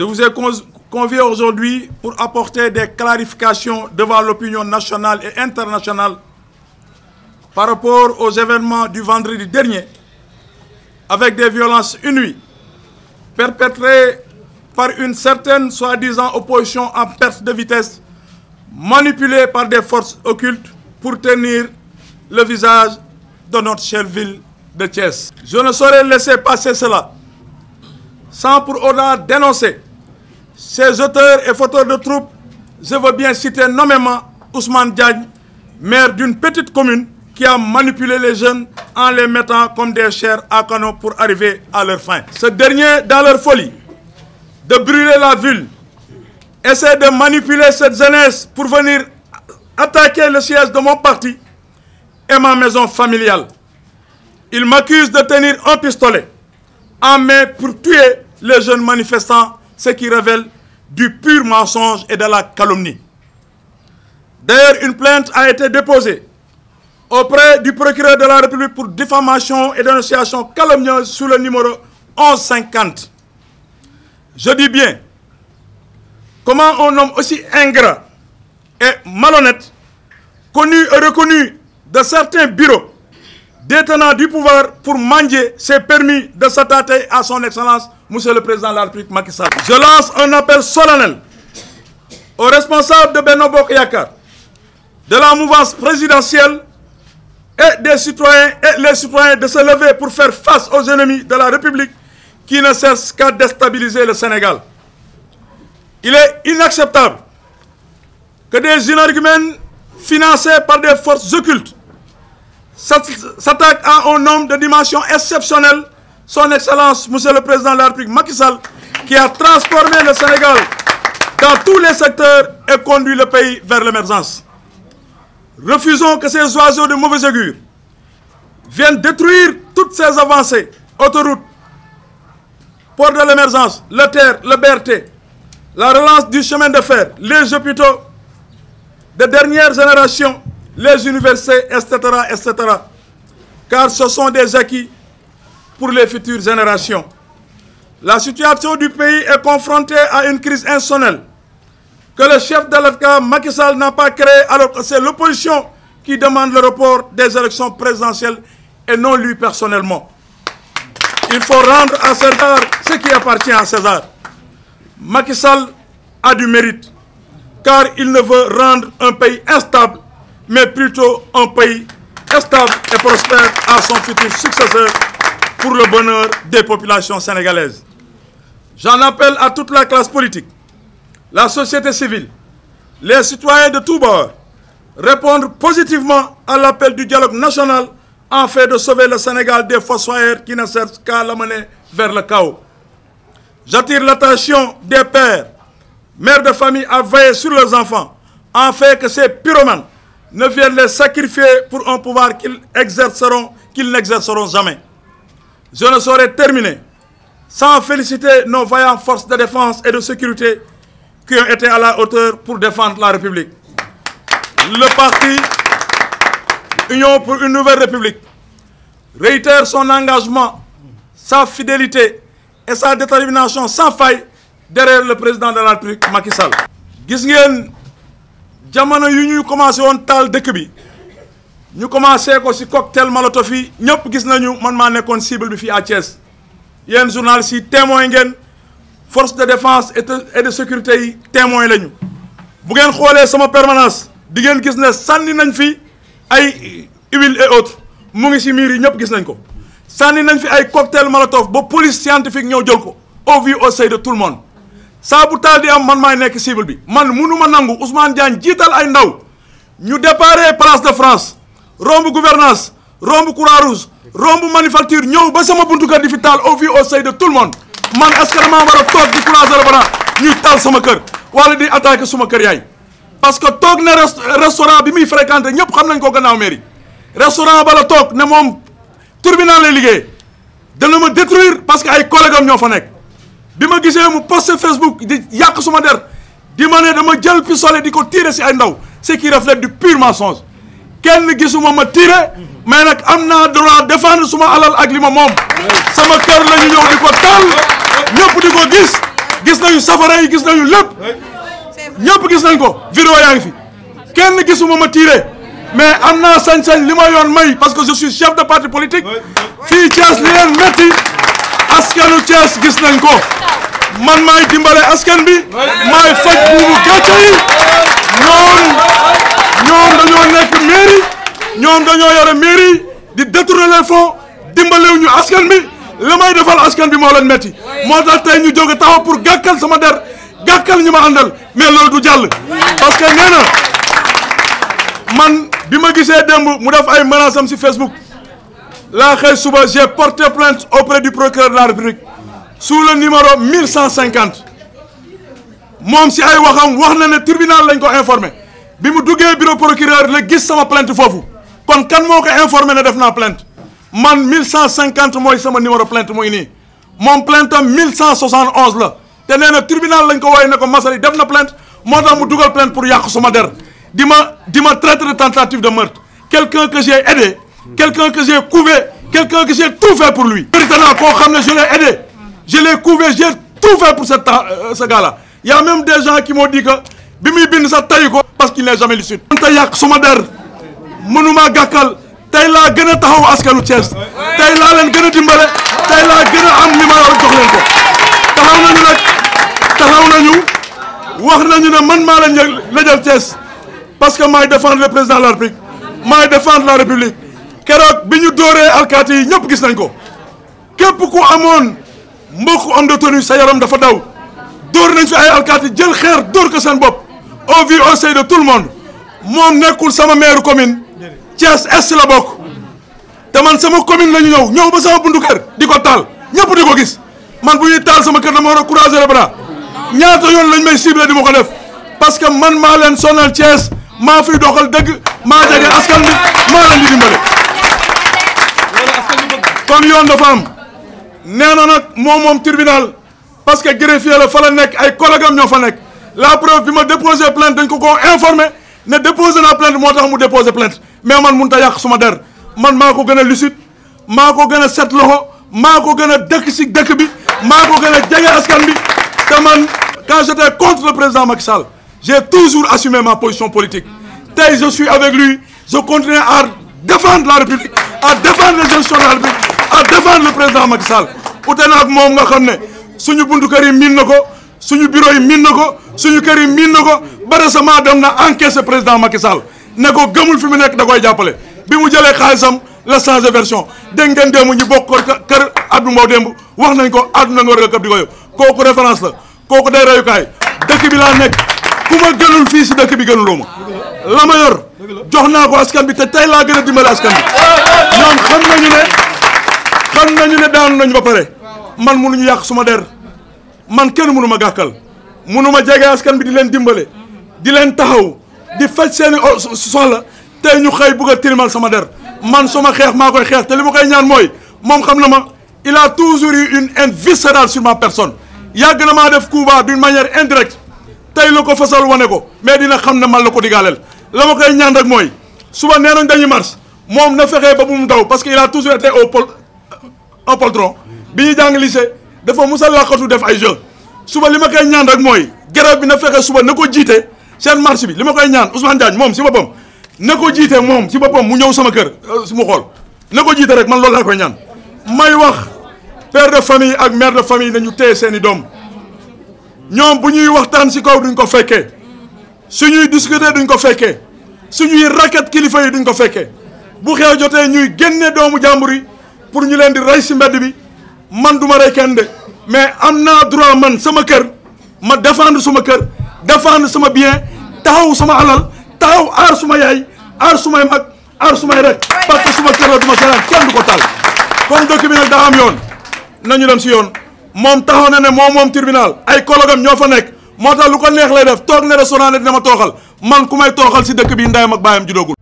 Je vous ai convié aujourd'hui pour apporter des clarifications devant l'opinion nationale et internationale par rapport aux événements du vendredi dernier avec des violences inouïes perpétrées par une certaine soi-disant opposition en perte de vitesse manipulée par des forces occultes pour tenir le visage de notre chère ville de Thiès. Je ne saurais laisser passer cela sans pour autant dénoncer ces auteurs et fauteurs de troupes, je veux bien citer nommément Ousmane Diagne, maire d'une petite commune qui a manipulé les jeunes en les mettant comme des chers à canon pour arriver à leur fin. Ce dernier, dans leur folie de brûler la ville, essaie de manipuler cette jeunesse pour venir attaquer le siège de mon parti et ma maison familiale. Il m'accuse de tenir un pistolet en main pour tuer les jeunes manifestants ce qui révèle du pur mensonge et de la calomnie. D'ailleurs, une plainte a été déposée auprès du procureur de la République pour diffamation et dénonciation calomnieuse sous le numéro 1150. Je dis bien, comment on nomme aussi ingrat et malhonnête, connu et reconnu de certains bureaux, détenant du pouvoir pour manger ses permis de s'attarder à son excellence, Monsieur le Président de la République Macky Sall. Je lance un appel solennel aux responsables de Benobok Yakar, de la mouvance présidentielle et des citoyens et les citoyens de se lever pour faire face aux ennemis de la République qui ne cessent qu'à déstabiliser le Sénégal. Il est inacceptable que des énergumènes financés par des forces occultes s'attaque à un homme de dimension exceptionnelle, son Excellence, Monsieur le Président de la République, Macky Sall, qui a transformé le Sénégal dans tous les secteurs et conduit le pays vers l'émergence. Refusons que ces oiseaux de mauvais augure viennent détruire toutes ces avancées, autoroutes, port de l'émergence, le terre, le BRT, la relance du chemin de fer, les hôpitaux des dernières générations les universités, etc., etc. Car ce sont des acquis pour les futures générations. La situation du pays est confrontée à une crise insonnelle que le chef de l'AFK, Macky Sall, n'a pas créée alors que c'est l'opposition qui demande le report des élections présidentielles et non lui personnellement. Il faut rendre à César ce qui appartient à César. Macky Sall a du mérite car il ne veut rendre un pays instable mais plutôt un pays stable et prospère à son futur successeur pour le bonheur des populations sénégalaises. J'en appelle à toute la classe politique, la société civile, les citoyens de tous bords, répondre positivement à l'appel du dialogue national en fait de sauver le Sénégal des fossoyeurs qui ne servent qu'à l'amener vers le chaos. J'attire l'attention des pères, mères de famille à veiller sur leurs enfants, en fait que ces pyromanes ne viennent les sacrifier pour un pouvoir qu'ils exerceront, qu'ils n'exerceront jamais. Je ne saurais terminer sans féliciter nos vaillantes forces de défense et de sécurité qui ont été à la hauteur pour défendre la République. Le parti Union pour une nouvelle République réitère son engagement, sa fidélité et sa détermination sans faille derrière le président de la République, Macky Sall jamono yu ñuy commencé won tal Nous bi ñu commencé ko ci cocktail gis nañu man cible bi à journal force de défense et de sécurité yi témoin lañu bu ngeen xolé sama permanence di ngeen gis ne sanni nañ fi ay huile et autres mu ngi ci miir yi gis nañ cocktail police scientifique jël au vu au de tout le monde saa bu taal di am man maay nekk cible bi man munu ma nangu Ousmane Diagne jiital ay ndaw ñu déparé place de France romb gouvernance romb croix rouge romb manufacture ñëw ba sama buntu kër di fi taal au vu au seuil de tout le monde man askan maa war a toog di croiser le bras ñuy taal sama kër wala di attaquer suma kër yaay. parce que toog na restaurant bi muy fréquenté ñëpp xam nañ ko gannaaw mairie restaurant bala toog ne moom tribunal lay liggéey dana ma détruire parce que ay collègues ñoo fa nekk. bi gisé mu poster Facebook di yak suma der di mané dama jël pistolet di ko tirer ci ay ndaw c'est qui reflète du pur mensonge kenn gisuma ma tirer mais nak amna droit défendre suma alal ak lima mom sama kër lañu ñu ñëw di ko ñëpp diko gis gis nañu safara yi gis nañu lepp ñëpp gis nañ ko vidéo yaa ngi fi kenn gisuma ma tirer mais amna sañ-sañ lima yoon may parce que je suis chef de parti politique fi Thiès li leen métti askanu Thiès gis nañ ko man may dimbalé askan bi may fajj buubu gàcce yi ñoom ñoom dañoo nekk mairie ñoom dañoo yore mairie di détourner les fonds dimbalé ñu askan bi li may defal askan bi moo leen metti ñu pour gàkkal sama der gàkkal ñu ma mais loolu du jàll parce que man bi ma gisee mu def ay Facebook la xëy suba j'ai porté plainte auprès du procureur de la République sous le numéro 1150 Mom si ay waxam wax na tribunal lañ ko informé bi mu bureau procureur le gis sama plainte fofu. kon kan moko informer informé de def plainte man 1150 moy sama numéro plainte moy ni. plainte 1171 la Té nee tribunal lañ ko woy de ko Massaly def na plainte moo tax mu plainte pour yak suma der Dima ma di de tentative de meurtre quelqu'un que j'ai aidé quelqu'un que j'ai couvé quelqu'un que j'ai tout fait pour lui bëri naa je l'ai aidé je l'ai couvé, j'ai tout fait pour cette, euh, ce gars-là. Il y a même des gens qui m'ont dit que Bimi Bin sa parce qu'il n'est jamais le sud. Antayak Somader, Monouma Gakal, Taïla Gana Tahou Askanou Thiès, Taïla Len Gana Dimbale, Taïla Gana Am Limayor Dokhlenko. Tahaou Nanyou Nak, Tahaou Nanyou, Wah Nanyou Nak, Man Malen Lejel Ties, parce que moi défendre le président de la République, moi défendre la République. Kérok, Bini al kati Nyop Gisnanko. Que pourquoi Amon? moko ando de sa yaram dafa daw dor nañ fi ay alkati jël xeer dor ko sen bop au vu au sein de tout le monde mom nekul sama maire commune Thiès Est la bok te man sama commune la ñëw ñëw ba sama buntu kër diko tal ñëpp diko gis man bu ñuy tal sama kër dama wara courager le bras ñaata yoon lañ may ciblé di ma ko def parce que man ma len sonal Thiès ma fi doxal deug ma jage askan bi maa leen di dimbale kon yoon dafa am. nee na nag tribunal parce que greffier la fa la nek ay collègue am la preuve bima ma déposé plainte dañ ko ko informer ne déposé la plainte motax mu déposé plainte mais man mënut a yàq suma der man mako gëna lucide mako gëna gën a set loxo maa ko gën dëkk si dëkk bi mako gëna gën askan bi te man quand j'étais contre le président Macky Sall j'ai toujours assumé ma position politique tay je suis avec lui je continue à défendre la République à défendre les institutions de la République à défendre le président Macky Sall ute na ak moom nga xam ne suñu buntu kër yi miin na ko suñu bureau yi miin na ko suñu kër yi miin na ko ba récemment dem na encaissé président Macky Sall ne ko gëmul fi mu nekk da koy jàppale bi mu jëlee xaalisam la changé version dégg ngeen démb ñu bokk kër Abdou Mbow démb wax nañ ko àdduna nga war a këpp ko kooku référence la kooku day reyukaay dëkk bi laa nekk ku ma gënul fii si dëkk bi gënuloo ma la ma yor jox naa ko askan bi te tey laa gën a nañu ne nañu ba paré man ñu yak suma der man munu ma viscérale ma askan bi di leen dimbalé di leen taxaw di soxla sur ñu xey Il a der man suma xex ma koy xex viscérale sur koy ñaan moy mom xam ma il a toujours eu une haine viscérale sur ma personne Il na ma def Cuba d'une manière indirecte tay la fassal woné ko mais dina dañuy na fexé ba bu parce qu'il il a toujours été au pôle un poltron bi ñuy jàng lycée dafa mus def ay jeux suba li ma koy ñaan rek mooy grève bi na fekk suba na ko jiite seen marche bi li ma koy ñaan Ousmane Diagne moom si boppam na ko jiite moom si boppam mu ñëw sama kër euh, mu xool na ko jiite rek man loolu laa koy ñaan may wax père de famille ak mère de famille nañu téye seen i doom ñoom bu ñuy waxtaan si kaw duñ ko fekkee suñuy discuter duñ ko fekkee suñuy raket kilifa yi duñ ko fekkee bu xew jotee ñuy génne doomu jàmbur yi pour ñu leen di ray ci mbedd bi man duma ray kenn de mais am naa droit man sama kër ma défendre suma kër défendre sama bien taxaw sama alal taxaw aar suma yaay aar sumay mag aar sumay rek parce que suma kër la duma ma kenn du ko taal comme dëkk bi nag daa am yoon nañu dem si yoon moom taxaw na ne moom moom tribunal ay collègues ñoo fa nekk moo tax lu ko neex lay def toog ne restaurant ne dina ma tooxal man ku may tooxal si dëkk bi ndayam ak baayam judoogul